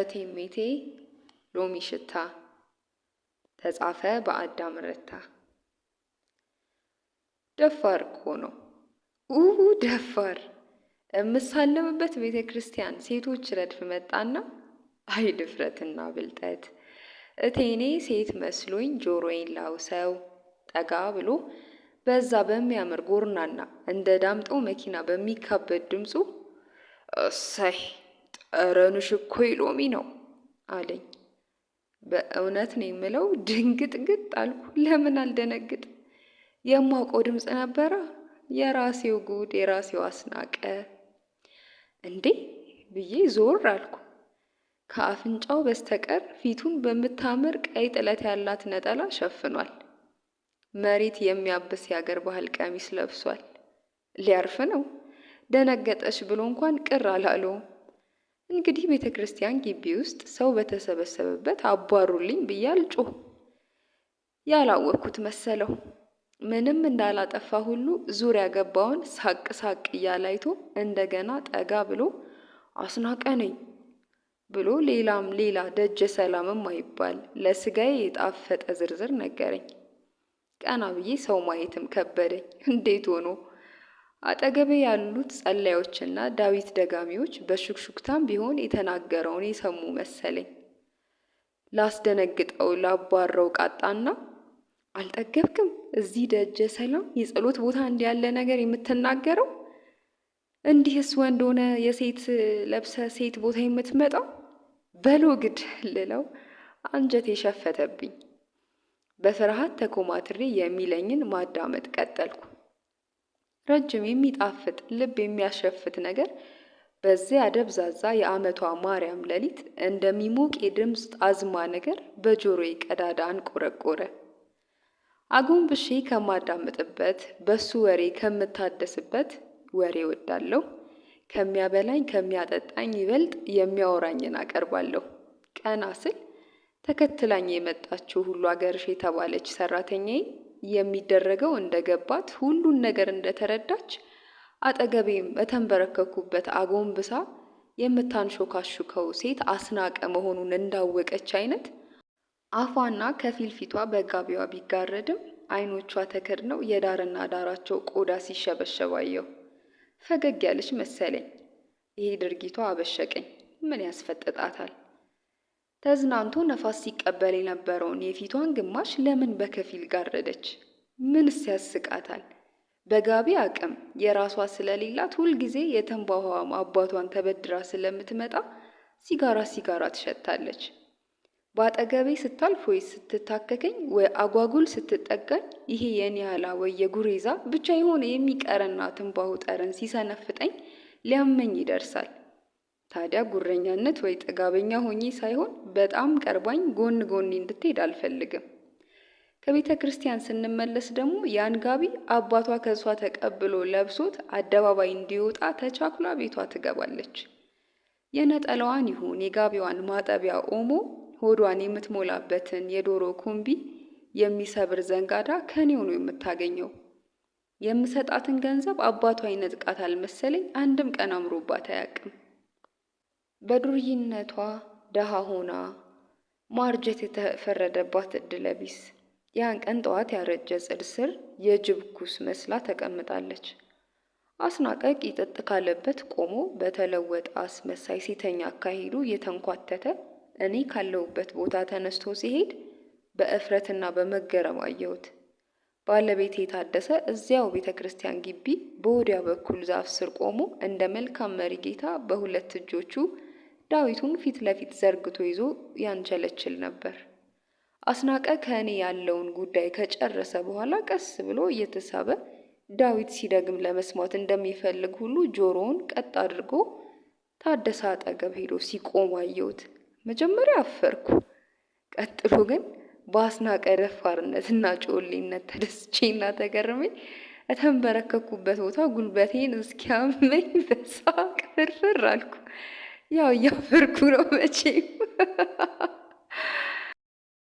እቴሜቴ ሎሚ ሽታ ተጻፈ በአዳም ረታ። ደፋር እኮ ነው ኡ ደፋር የምሳለምበት ቤተ ክርስቲያን ሴቶች ረድፍ መጣና አይ ድፍረትና ብልጠት እቴኔ ሴት መስሎኝ ጆሮዬን ላውሰው ጠጋ ብሎ በዛ በሚያምር ጎርናና እንደ ዳምጠው መኪና በሚካበድ ድምፁ እሰይ ጠረኑሽ እኮ የሎሚ ነው አለኝ። በእውነት ነው የምለው፣ ድንግጥ ግጥ አልኩ። ለምን አልደነግጥ? የማውቀው ድምፅ ነበረ። የራሴው ጉድ፣ የራሴው አስናቀ። እንዴ ብዬ ዞር አልኩ። ከአፍንጫው በስተቀር ፊቱን በምታምር ቀይ ጥለት ያላት ነጠላ ሸፍኗል። መሬት የሚያብስ የአገር ባህል ቀሚስ ለብሷል። ሊያርፍ ነው። ደነገጠሽ ብሎ እንኳን ቅር አላለውም። እንግዲህ ቤተ ክርስቲያን ግቢ ውስጥ ሰው በተሰበሰበበት አቧሩልኝ ብዬ አልጮህ ያላወቅኩት መሰለው። ምንም እንዳላጠፋ ሁሉ ዙሪያ ገባውን ሳቅ ሳቅ እያላይቶ እንደገና ጠጋ ብሎ አስናቀነኝ ብሎ ሌላም ሌላ ደጀ ሰላምም አይባል ለስጋዬ የጣፈጠ ዝርዝር ነገረኝ። ቀና ብዬ ሰው ማየትም ከበደኝ። እንዴት ሆኖ አጠገቤ ያሉት ጸላዮችና ዳዊት ደጋሚዎች በሹክሹክታም ቢሆን የተናገረውን የሰሙ መሰለኝ። ላስደነግጠው ላቧረው ቃጣና አልጠገብክም? እዚህ ደጀ ሰላም የጸሎት ቦታ እንዲያለ ነገር የምትናገረው? እንዲህስ ወንድ ሆነ የሴት ለብሰ ሴት ቦታ የምትመጣው? በሎ ግድ ልለው አንጀት የሸፈተብኝ። በፍርሃት ተኮማትሬ የሚለኝን ማዳመጥ ቀጠልኩ። ረጅም የሚጣፍጥ ልብ የሚያሸፍት ነገር በዚያ ደብዛዛ የዓመቷ ማርያም ሌሊት እንደሚሞቅ የድምፅ ጣዝማ ነገር በጆሮዬ ቀዳዳ አንቆረቆረ። አጎንብሼ ከማዳምጥበት በሱ ወሬ ከምታደስበት ወሬ ወዳለሁ። ከሚያበላኝ ከሚያጠጣኝ ይበልጥ የሚያወራኝን አቀርባለሁ። ቀና ስል ተከትላኝ የመጣችው ሁሉ አገርሽ የተባለች ሰራተኛዬ የሚደረገው እንደገባት ሁሉን ነገር እንደተረዳች አጠገቤም በተንበረከኩበት አጎንብሳ የምታንሾካሹከው ሴት አስናቀ መሆኑን እንዳወቀች አይነት አፏና ከፊል ፊቷ በጋቢዋ ቢጋረድም አይኖቿ ተከድነው የዳርና ዳራቸው ቆዳ ሲሸበሸባየው ፈገግ ያለች መሰለኝ። ይሄ ድርጊቷ አበሸቀኝ። ምን ያስፈጥጣታል? ተዝናንቶ ነፋስ ሲቀበል የነበረውን የፊቷን ግማሽ ለምን በከፊል ጋረደች? ምንስ ያስቃታል? በጋቢ አቅም የራሷ ስለሌላት ሁልጊዜ የተንባኋም አባቷን ተበድራ ስለምትመጣ ሲጋራ ሲጋራ ትሸታለች። በአጠገቤ ስታልፍ ወይ ስትታከከኝ ወይ አጓጉል ስትጠጋኝ ይሄ የኒያላ ወይ የጉሬዛ ብቻ የሆነ የሚቀረና ትንባሁ ጠረን ሲሰነፍጠኝ ሊያመኝ ይደርሳል። ታዲያ ጉረኛነት ወይ ጥጋበኛ ሆኜ ሳይሆን በጣም ቀርባኝ ጎን ጎኔ እንድትሄድ አልፈልግም። ከቤተ ክርስቲያን ስንመለስ ደግሞ ያን ጋቢ አባቷ ከእሷ ተቀብሎ ለብሶት አደባባይ እንዲወጣ ተቻኩላ ቤቷ ትገባለች። የነጠላዋን ይሁን የጋቢዋን ማጠቢያ ኦሞ ሆዷን የምትሞላበትን የዶሮ ኩምቢ የሚሰብር ዘንጋዳ ከኔው ነው የምታገኘው። የምሰጣትን ገንዘብ አባቷ ይነጥቃታል መሰለኝ። አንድም ቀን አምሮባት አያውቅም። በዱርይነቷ ደሃ ሆና ማርጀት የተፈረደባት እድለቢስ ያን ቀን ጠዋት ያረጀ ጽድ ስር የጅብ ኩስ መስላ ተቀምጣለች። አስናቀቅ ይጥጥ ካለበት ቆሞ በተለወጠ አስመሳይ ሴተኛ አካሄዱ የተንኳተተ እኔ ካለሁበት ቦታ ተነስቶ ሲሄድ በእፍረትና በመገረም አየሁት። ባለቤት የታደሰ እዚያው ቤተ ክርስቲያን ግቢ በወዲያ በኩል ዛፍ ስር ቆሞ እንደ መልካም መሪ ጌታ በሁለት እጆቹ ዳዊቱን ፊት ለፊት ዘርግቶ ይዞ ያንቸለችል ነበር። አስናቀ ከእኔ ያለውን ጉዳይ ከጨረሰ በኋላ ቀስ ብሎ እየተሳበ ዳዊት ሲደግም ለመስማት እንደሚፈልግ ሁሉ ጆሮውን ቀጥ አድርጎ ታደሰ አጠገብ ሄዶ ሲቆም አየሁት። መጀመሪያ አፈርኩ። ቀጥሎ ግን በአስናቀ ደፋርነትና ጮሌነት ተደስቼና ተገርሜ እተንበረከኩበት ቦታ ጉልበቴን እስኪያመኝ በሳቅ ፍርፍር አልኩ። Ja, ja, per cura me qim.